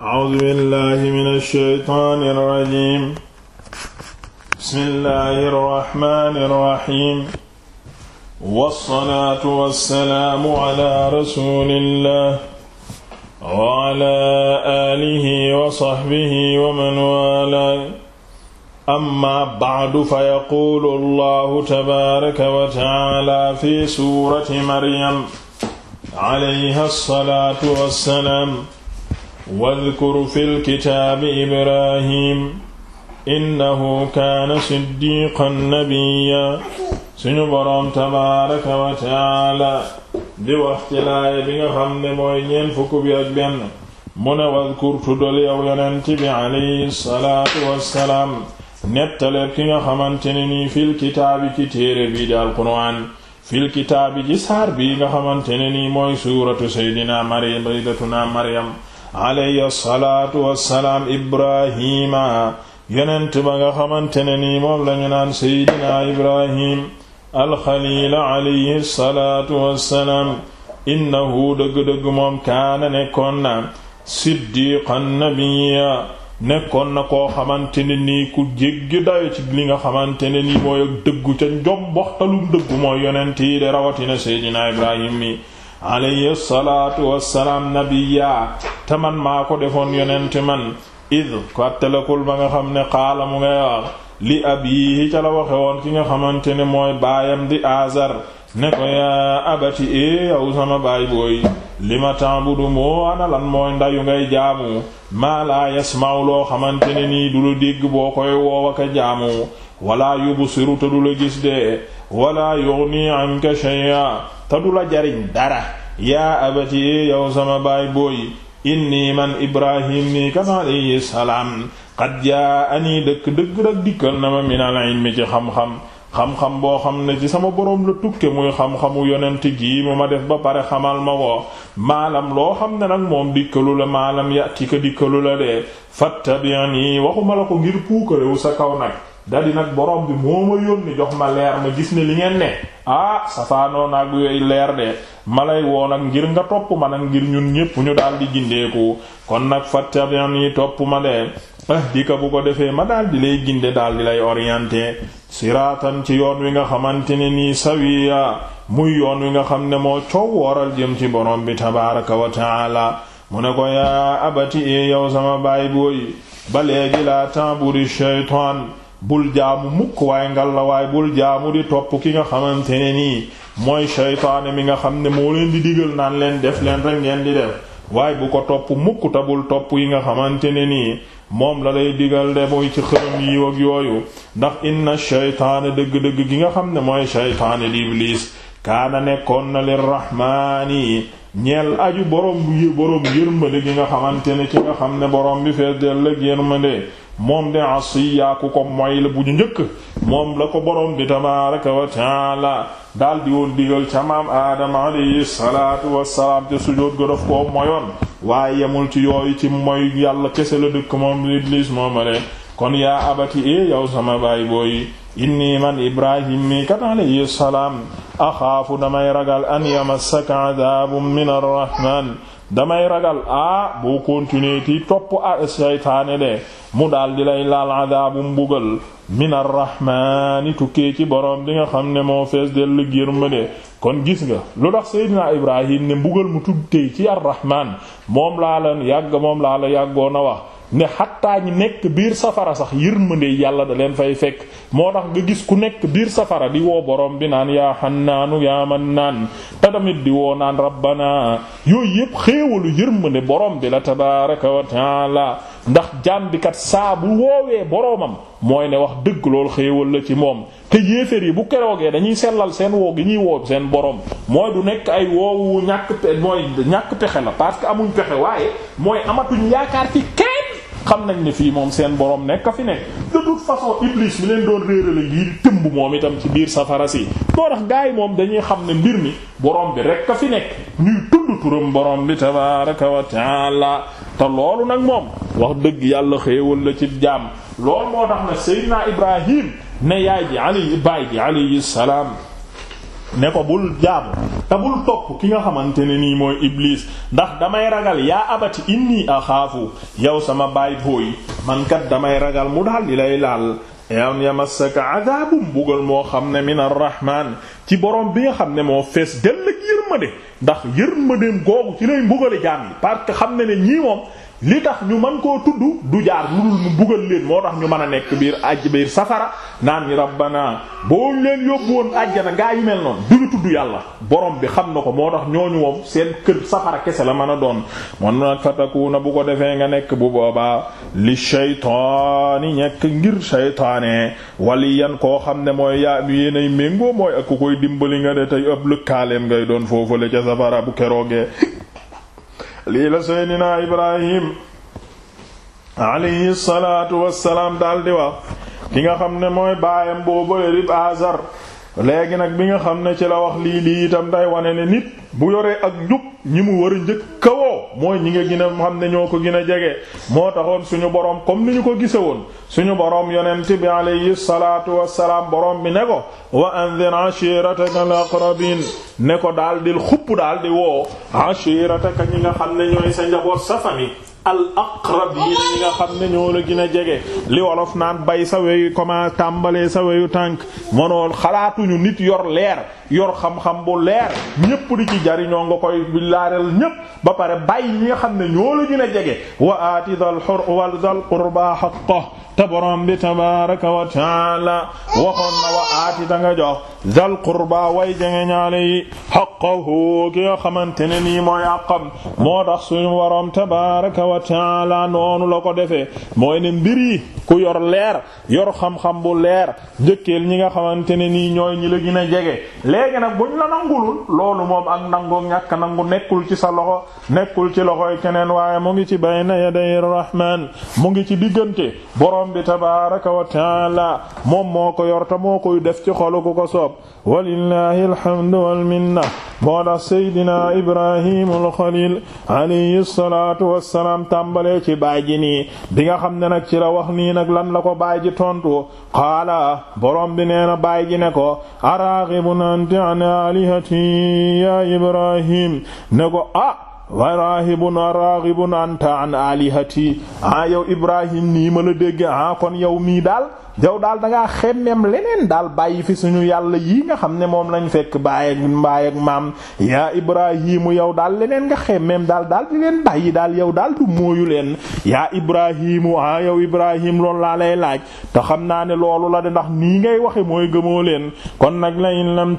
A'uuzu billaahi mina shaytaani rajiim. Bismillaahi rahmaani rahiim. Wassalaatu wassalaamu alaa rasuulillaah wa alaa aalihi wa sahbihi wa man waalaa. Ammaa ba'du fayaquulu Allaahu tabaaraka wa ta'aalaa fi suurati Maryam alayha salaatu wassalaam. wadkur fi lkitaabi ibrahim innahu kaana siddiqan nabiyya suñu boroom tabaaraka wa taala di wax ci laaya bi nga xam ne mooy ñeent fukk bi ak benn mu ne wadkur tuddal yow yonent bi alayhi salaatu wassalaam nettaleeb ki nga xamante ne nii fil kitaabi ci téere bii di alquraan fil kitaabi ci saar bii nga xamante ne nii mooy suuratu seydinaa maryam sayyidatuna maryam alayhi salaatu wassalaam ibrahima yonent ba nga xamante ne nii moom lañu naan seydina ibrahim alxaliil alayhi salaatu wassalaam innahu dëgg-dëgg moom kaana nekkoon na siddiqan nabiyya nekkoon na koo xamante ni nii ku jéggi dayo ci li nga xamante ne nii mooy ak dëggu ca njom boxtalum dëggu mooy yonent yi de rawatina seydina ibrahim alayhi salaatu wassalaam nabiyya te man maa ko defoon yonent man id kàttalakul ba nga xam ne xaala mu ngay li abiihi ca la waxe woon ki nga xamante ne mooy baayam di azar ne ko yaa abati e yow baay booy li ma ta'budu moo ana mooy ndayu ngay jaamu maa laa yasma'u loo xamante ne du la dégg boo koy woow aka jaamu wala yubsiru te du la gis dee wala yughni anka shay'a te du la jariñ dara yaa abati yow sama baay booy inni man ibrahim nii kat alayhi salaam qad jaa anii dëkk dëgg rak dikkal na ma minal ilmi ci xam-xam xam-xam boo xam ne ci sama boroom la tukke muy xam-xamu yonent gii mu ma def ba pare xamal ma ko maalam loo xam ne nag moom dikkalu la maalam yàtti ka dikkalu la de fattabi'ni waxuma la ko ngir puukarewu sa kaw nag dadi nag borom bi moo ma yónni jox ma leer ma gis ne li ngeen ne ah safaanoo naag yooyu leer de ma lay woo nag ngir nga topp ma nag ngir ñun ñépp ñu daal di gindeeku kon nag fattabi'ni topp ma de ahdika bu ko defee ma daal di lay ginde daal di lay orienté siraatan ci yoon wi nga xamante ne nii sawiya muy yoon wi nga xam ne moo coow wooral jëm ci borom bi tabaraka wa taala mu ne ko yaa abati eh, yow sama baay booy ba léegi laa ta'budi shaytaan bul jaamu mukk waay ngal la waaye bul jaamu di topp ki nga xamante ne nii mooy shaytaane mi nga xam ne moo leen di digal naan leen def leen rek ngeen di def waaye bu ko topp mukk tabul topp yi nga xamante ne nii moom la lay digal de boy ci xërëm yi yooyu ndax inna shaytaane dëgg-dëgg gi nga xam ne mooy shaytaane di iblis kaana nekkoon na lir rahmaani ñeel aju borom bi boroom yërmande yi nga xamante ne ci nga xam ne borom bi fees del ak yërmande moom de asiya ko moy la njëkk moom la ko borom bi tabaaraka wa taala daal di woon digal ca maam aadama alayhi salaatu wassalaam te sujóot ga daf koo moyoon waaye yemul ci yooyu ci moy yàlla kese la dëkk moom iblis kon yaa abati e sama baay booyi inni man ibrahim mi kat alayhi salaam axaafu damay ragal an yamassaka adaabun min arrahman damay ragal ah boo continuer ci topp a ah, seytaane de mu daal di lay laal adaabu mbugal min arrahmaani tukkee ci boroom di nga xam ne moo fees dellu girma de kon gis nga lu tax seydinaa ibrahim ne mbugal mu tuddee ci arrahmaan moom laa la yàgg moom laa la yàggoon na wa ne xattaa ñi nekk biir safara sax yërmande yàlla da leen fay fekk moo tax nga gis ku nekk biir safara di woo boroom bi naan yaa xannaanu yaa mannaan te tamit di woo naan rabbana yooyu yépp xéewalu yërmande boroom bi la tabaraka wa taala ndax jaam bi kat saa bu woowee boroomam mooy ne wax dëgg loolu xéewal la ci moom te yéefér yi bu keroogee dañuy sellal seen woo gi ñuy woo seen boroom mooy du nekk ay woowu ñàkk ñàkk pexe la parce que amuñ pexe waaye mooy amatuñ xam nañ ne fii moom seen borom nekk fi ne de toute façon iblis mi leen doon réerale lii tëmb moom itam ci biir safara si moo tax gaa yi moom dañuy xam ne mbir mi borom bi rek ka fi nekk ñuy tudd turam borom bi tabaraka wa taala te loolu nag moom wax dëgg yàlla xéewal la ci jaam loolu moo tax na Seydina Ibrahim ne yaay ji ali baay ji alayhi salaam ne ko bul jaamu te bul topp ki nga xamante ne nii mooy Iblis ndax damay ragal yaa abati inni axaafu yow sama baay booy man kat damay ragal mu daal di lay laal. an yamassaka adabum bugal moo xam ne min arrahman ci borom bi nga xam ne moo fees dell ak yërmande ndax yërmandeem googu ci lay mbugale jaam yi parce xam ne ne ñii moom. li tax ñu mën koo tudd du jaar lu dul mu bugal leen moo tax ñu mën a nekk biir àjj biir safara naan ñi rabbana boo leen yóbbu woon àjjana gaa yu mel noon du ñu tudd yàlla borom bi xam na ko moo tax ñooñu moom seen kër safara kese la mën a doon man nag fatakuna bu ko defee nga nekk bu boobaa li shaytaani nekk ngir shaytaane waliyan koo xam ne mooy yaa yéenay méngoo mooy ak ku koy dimbali nga de tey ëpp lëkkaaleem ngay doon foofu la ca safara bu lii la seydinaa ibrahim alayhi salaatu wassalaam daldi wax ki nga xam ne mooy baayam boobu rib azar léegi nag bi nga xam ne ci la wax lii lii itam day wane ne nit bu yoree ak njub ñi mu war a njëkk woo mooy ñi nga ginna a xam ne ñoo ko gën a jege moo taxoon suñu borom comme ni ñu ko gise woon suñu borom yonent bi alayhi salaatu wassalaam borom bi ne ko wa anzir ashirataka al aqrabin ne ko daal di xupp daal di woo ashirataka ñi nga xam ne ñooy sa njaboot sa famille al aqrab yi xam ne ñoo la gën a jege li wolof naan bay sa weyu commencé tàmbalee sa weyu tànk mënoon xalaatuñu nit yor leer yor xam-xam bu leer ñépp di ci jariñoo nga koy laareel ñépp ba pare bàyyi ñi nga xam ne ñoo la gën a jege wa aati dal xur wal dal qurba haqqo te borom bi tabaraka wa taala waxoon na wa aati da nga jox zal qurba way jege ñaale yi haqqahu ki nga xamante ne nii mooy moo tax suñu waroom tabaraka wa taala noonu la ko defe moo ne mbir yi ku yor leer yor xam-xam bu leer njëkkeel ñi nga xamante ne nii ñooy ñi la gën a jege léegi nag buñ la nangulul loolu moom ak nangu ñàkk nangu nekkul ci sa loxo nekkul ci loxo yi keneen waaye mu ngi ci bayna yaday rahman mu ngi ci diggante borom bi tabaraka wa taala moom moo ko yor te moo koy def ci xolu ku ko soob walillahi alhamdu wal minna moo tax seydina ibrahimul xalil alayhi salatu wassalaam tàmbalee ci baaji nii bi nga xam ne nag ci nag lan la ko baay ji tontu qaala borom bi nee na baay ji ne ko araghibun anta an alihati ya ibrahim ne ko ah wa raahibun araghibun anta an alihati ah yow ibrahim nii ma la dégg ah kon yow mii dal yow daal da ngaa xemmem leneen daal bàyyi fi suñu yàlla yi nga xam ne moom lañu fekk baay ak mbaay ak maam yaa ibrahimu yow daal leneen nga xemmem daal daal di leen bàyyi daal yow daal du mooyu leen yaa ibrahimu ah yow ibrahim loolu laa lay laaj te xam naa ne loolu la de ndax nii ngay waxe mooy gëmoo leen kon nag la in lam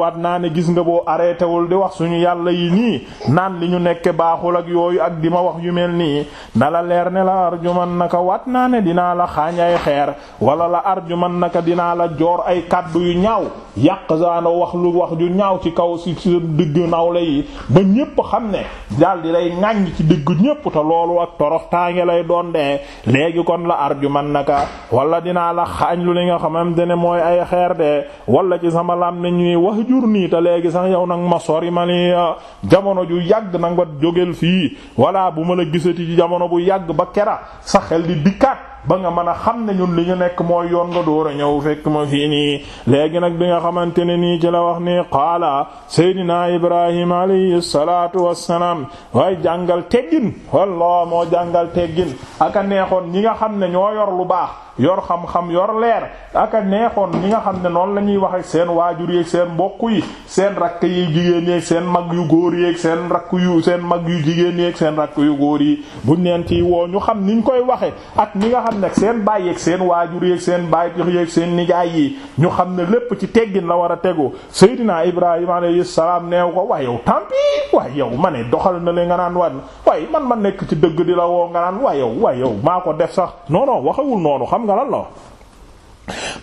waat naa ne gis nga boo arrêté wul di wax suñu yàlla yi nii naan li ñu nekk baaxul ak yooyu ak di ma wax yu mel nii na la leer ne la arjuman naka waat naa ne dinaa la xaañ xeer wala la arjumannaka dinaa la joor ay kàddu yu ñaaw yàq zaano wax lu wax ju ñaaw ci kaw si si diggu nawle yi ba ñépp xam ne daal di lay ŋàññ ci diggu ñépp te loolu ak toroxtaange lay doon dee léegi kon la arjumannaka wala dinaa la xaañ lu li nga xamante ne mooy ay xeer de wala ci sama laam ne ñuy wax jur nii te léegi sax yow nag ma sori ma ni ah, jamono ju yàgg nag ma jógeel fii wala bu ma la gisati ci jamono bu yàgg ba kera sa xel di dikkaat ba nga mën a xam ne ñun li ñu nekk mooy yoon nga door a ñëw fekk ma fii nii léegi nag bi nga xamante ne nii ci la wax nii qaala seydina ibrahim alayhi salaatu wassalaam waaye jàngal teggin walla moo jàngal teggin aka neexoon ñi nga xam ne ñoo yor lu baax yor xam-xam yor leer ak neexoon ñi nga xam ne noonu la ñuy wax seen waajur yeeg seen mbokk yi seen rakk yi jigéen yeeg seen mag yu góor yeeg seen rakk yu seen mag yu jigéen yeeg seen rakk yu góor yi buñ leen ci woo ñu xam niñ koy waxe ak ñi nga xam ne seen baay seen waajur yeeg seen baay yeeg seen nijaay yi ñu xam ne lépp ci teggin la war a tegu Seydina Ibrahima alayhi salaam neew ko waaye yow tant pis yow ma ne doxal na le nga naan wan waaye man ma nekk ci dëgg di la woo nga naan yow waaye yow maa ko def sax nga lan la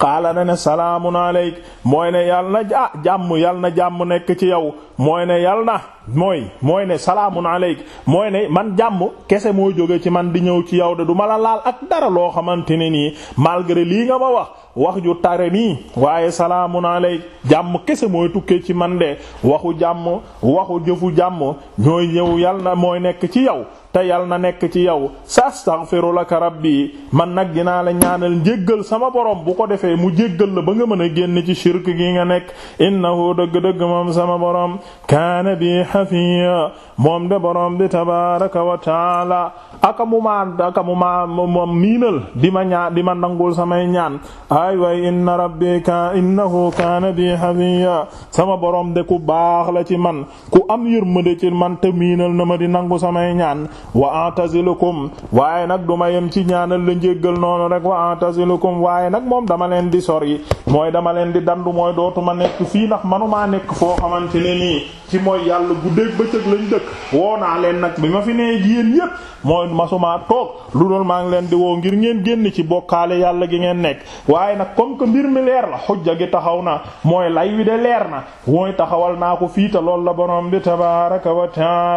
wax na ne salaamun aleyk mooy ne yal na ah jàmm yal na jàmm nekk ci yow mooy ne yal na mooy mooy ne salaamun aleyk mooy ne man jàmm kese moo jóge ci man di ñëw ci yow de du ma la laal ak dara loo xamante ne nii malgré lii nga ma wax wax ju tare nii waaye salaamun aleyk jàmm kese mooy tukkee ci man de waxu jàmm waxu jëfu jàmm ñooy ñëw yal na mooy nekk ci yow te yal na nekk ci yow sa astaghfiru laka rabbi man nag naa la ñaanal njéggal sama boroom bu ko defee mu jéggal la ba nga mën génn ci shirk gi nga nekk innahu dëgg-dëgg moom sama borom kaana bi hafiya moom de borom bi tabaraka wa taala aka mu ma aka mu ma moom miinal di ma ñaan di ma nangul samay ñaan ay way inna rabbi ka innahu kaana bi hafiya sama borom de ku baax la ci man ku am yërmande ci man te miinal na ma di nangu samay ñaan waa wa a'tazilukum waaye nag du ma yem ci ñaanal la njéggal noonu rek wa a'tazilukum waaye nag moom dama leen di sori mooy dama leen di dandu mooy dootu ma nekk fii ndax manumaa nekk foo xamante ne nii ci mooy yàlla guddeeg bëccëg lañ dëkk woo naa leen nag bi ma fi nee yéen yépp mooy masumaa toog lu doon maa ngi leen di woo ngir ngeen génn ci bokkaale yàlla gi ngeen nekk waaye nag comme que mbir mi leer la xujja gi taxaw na mooy lay wi de leer na mooy taxawal naa ko fii te loolu la borom bi tabaaraka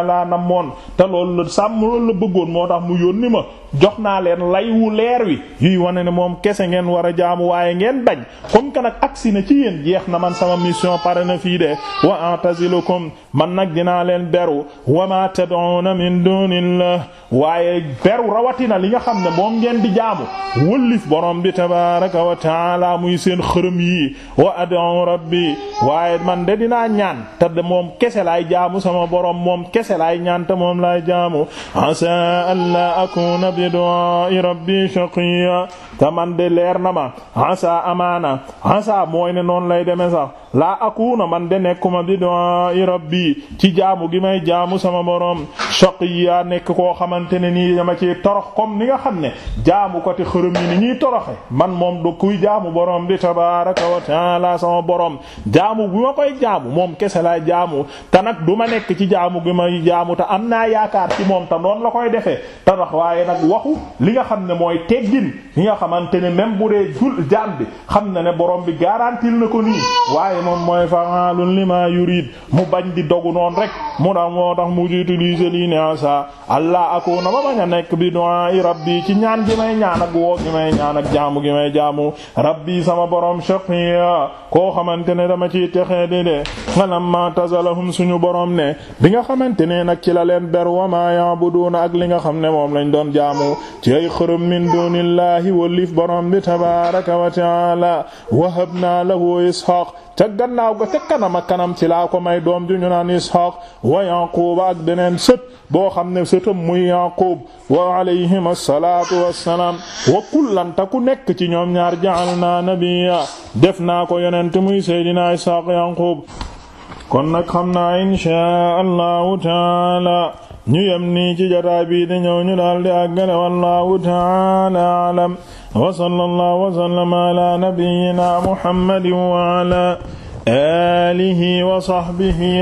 laa nam moon te loolu la sàmm loolu la bëggoon moo tax mu yónni ma jox naa leen lay wu leer wi yuy wane ne moom kese ngeen war a jaamu waaye ngeen bañ comme que nag agsi na ci yéen jeex na man sama mission pare na fii de wa antazilukum man nag dinaa leen beru wa ma na min dunillah waaye beru rawatina li nga xam ne moom ngeen di jaamu wëllif borom bi tabaraka wa taala muy seen xërëm yi wa ad'u rabbi waaye man de dinaa ñaan te de moom kese laay jaamu sama borom moom kese laay ñaan te moom laay jaamu asa alla bi du'aa'i rabbi shaqiya te man de leer na ma asa amaana asa mooy ne noonu lay demee sax laa na man de nekkuma bi du'aa'i rabbi ci jaamu gi may jaamu sama borom shaqiya nekk koo xamante ne nii dama ci torox comme ni nga xam ne jaamu ko te xërëm yi ni ñuy toroxe man moom du kuy jaamu boroom bi tabaaraka wa ta'aala sama borom jaamu bu ma koy jaamu moom kese laay jaamu te nag du ma nekk ci jaamu gi may jaamu te am naa yaakaar ci moom te noonu la koy defee waxu li nga xam ne mooy teggin li nga xamante ne même bu dee jul jaam bi xam na ne borom bi garantil na ko nii waaye moom mooy fa'alun lima yurid mu bañ di dogu noonu rek mu dax moo tax mu utiliser lii ne sa allah akuna ba bañ a nekk bi du'a rabbi ci ñaan gi may ñaan ak woo gi may ñaan ak jaamu gi may jaamu rabbi sama borom shaqiya ne dama ciy texee di de falamma tazalahum suñu borom ne bi nga xamante ne nag ci la leen ber wa ma ya'buduna ak li nga xam ne moom lañ doon jaamu jaamu ci ay xërëm min dunillahi wallif borom bi tabaraka wa taala wahabna lahu isxaq ca gannaaw ga ca kanama kanam ci laa ko may doom ju ñu naan Isxaaq wa Yaquub ak beneen sët boo xam ne sëtam muy Yaquub wa alayhim assalaatu wassalaam wa kullan ta ku nekk ci ñoom ñaar ja'alnaa nabiyya def naa ko yonent muy Seydina Isxaaq Yaquub kon nag xam naa inshaa Allahu taala ñu yem nii ci jotaay bii di ñëw ñu daal di àggale wallahu ta'ala a'lam wa sallallahu wa sallama ala nabiyyina muhammadin wa ala alihi wa sahbihi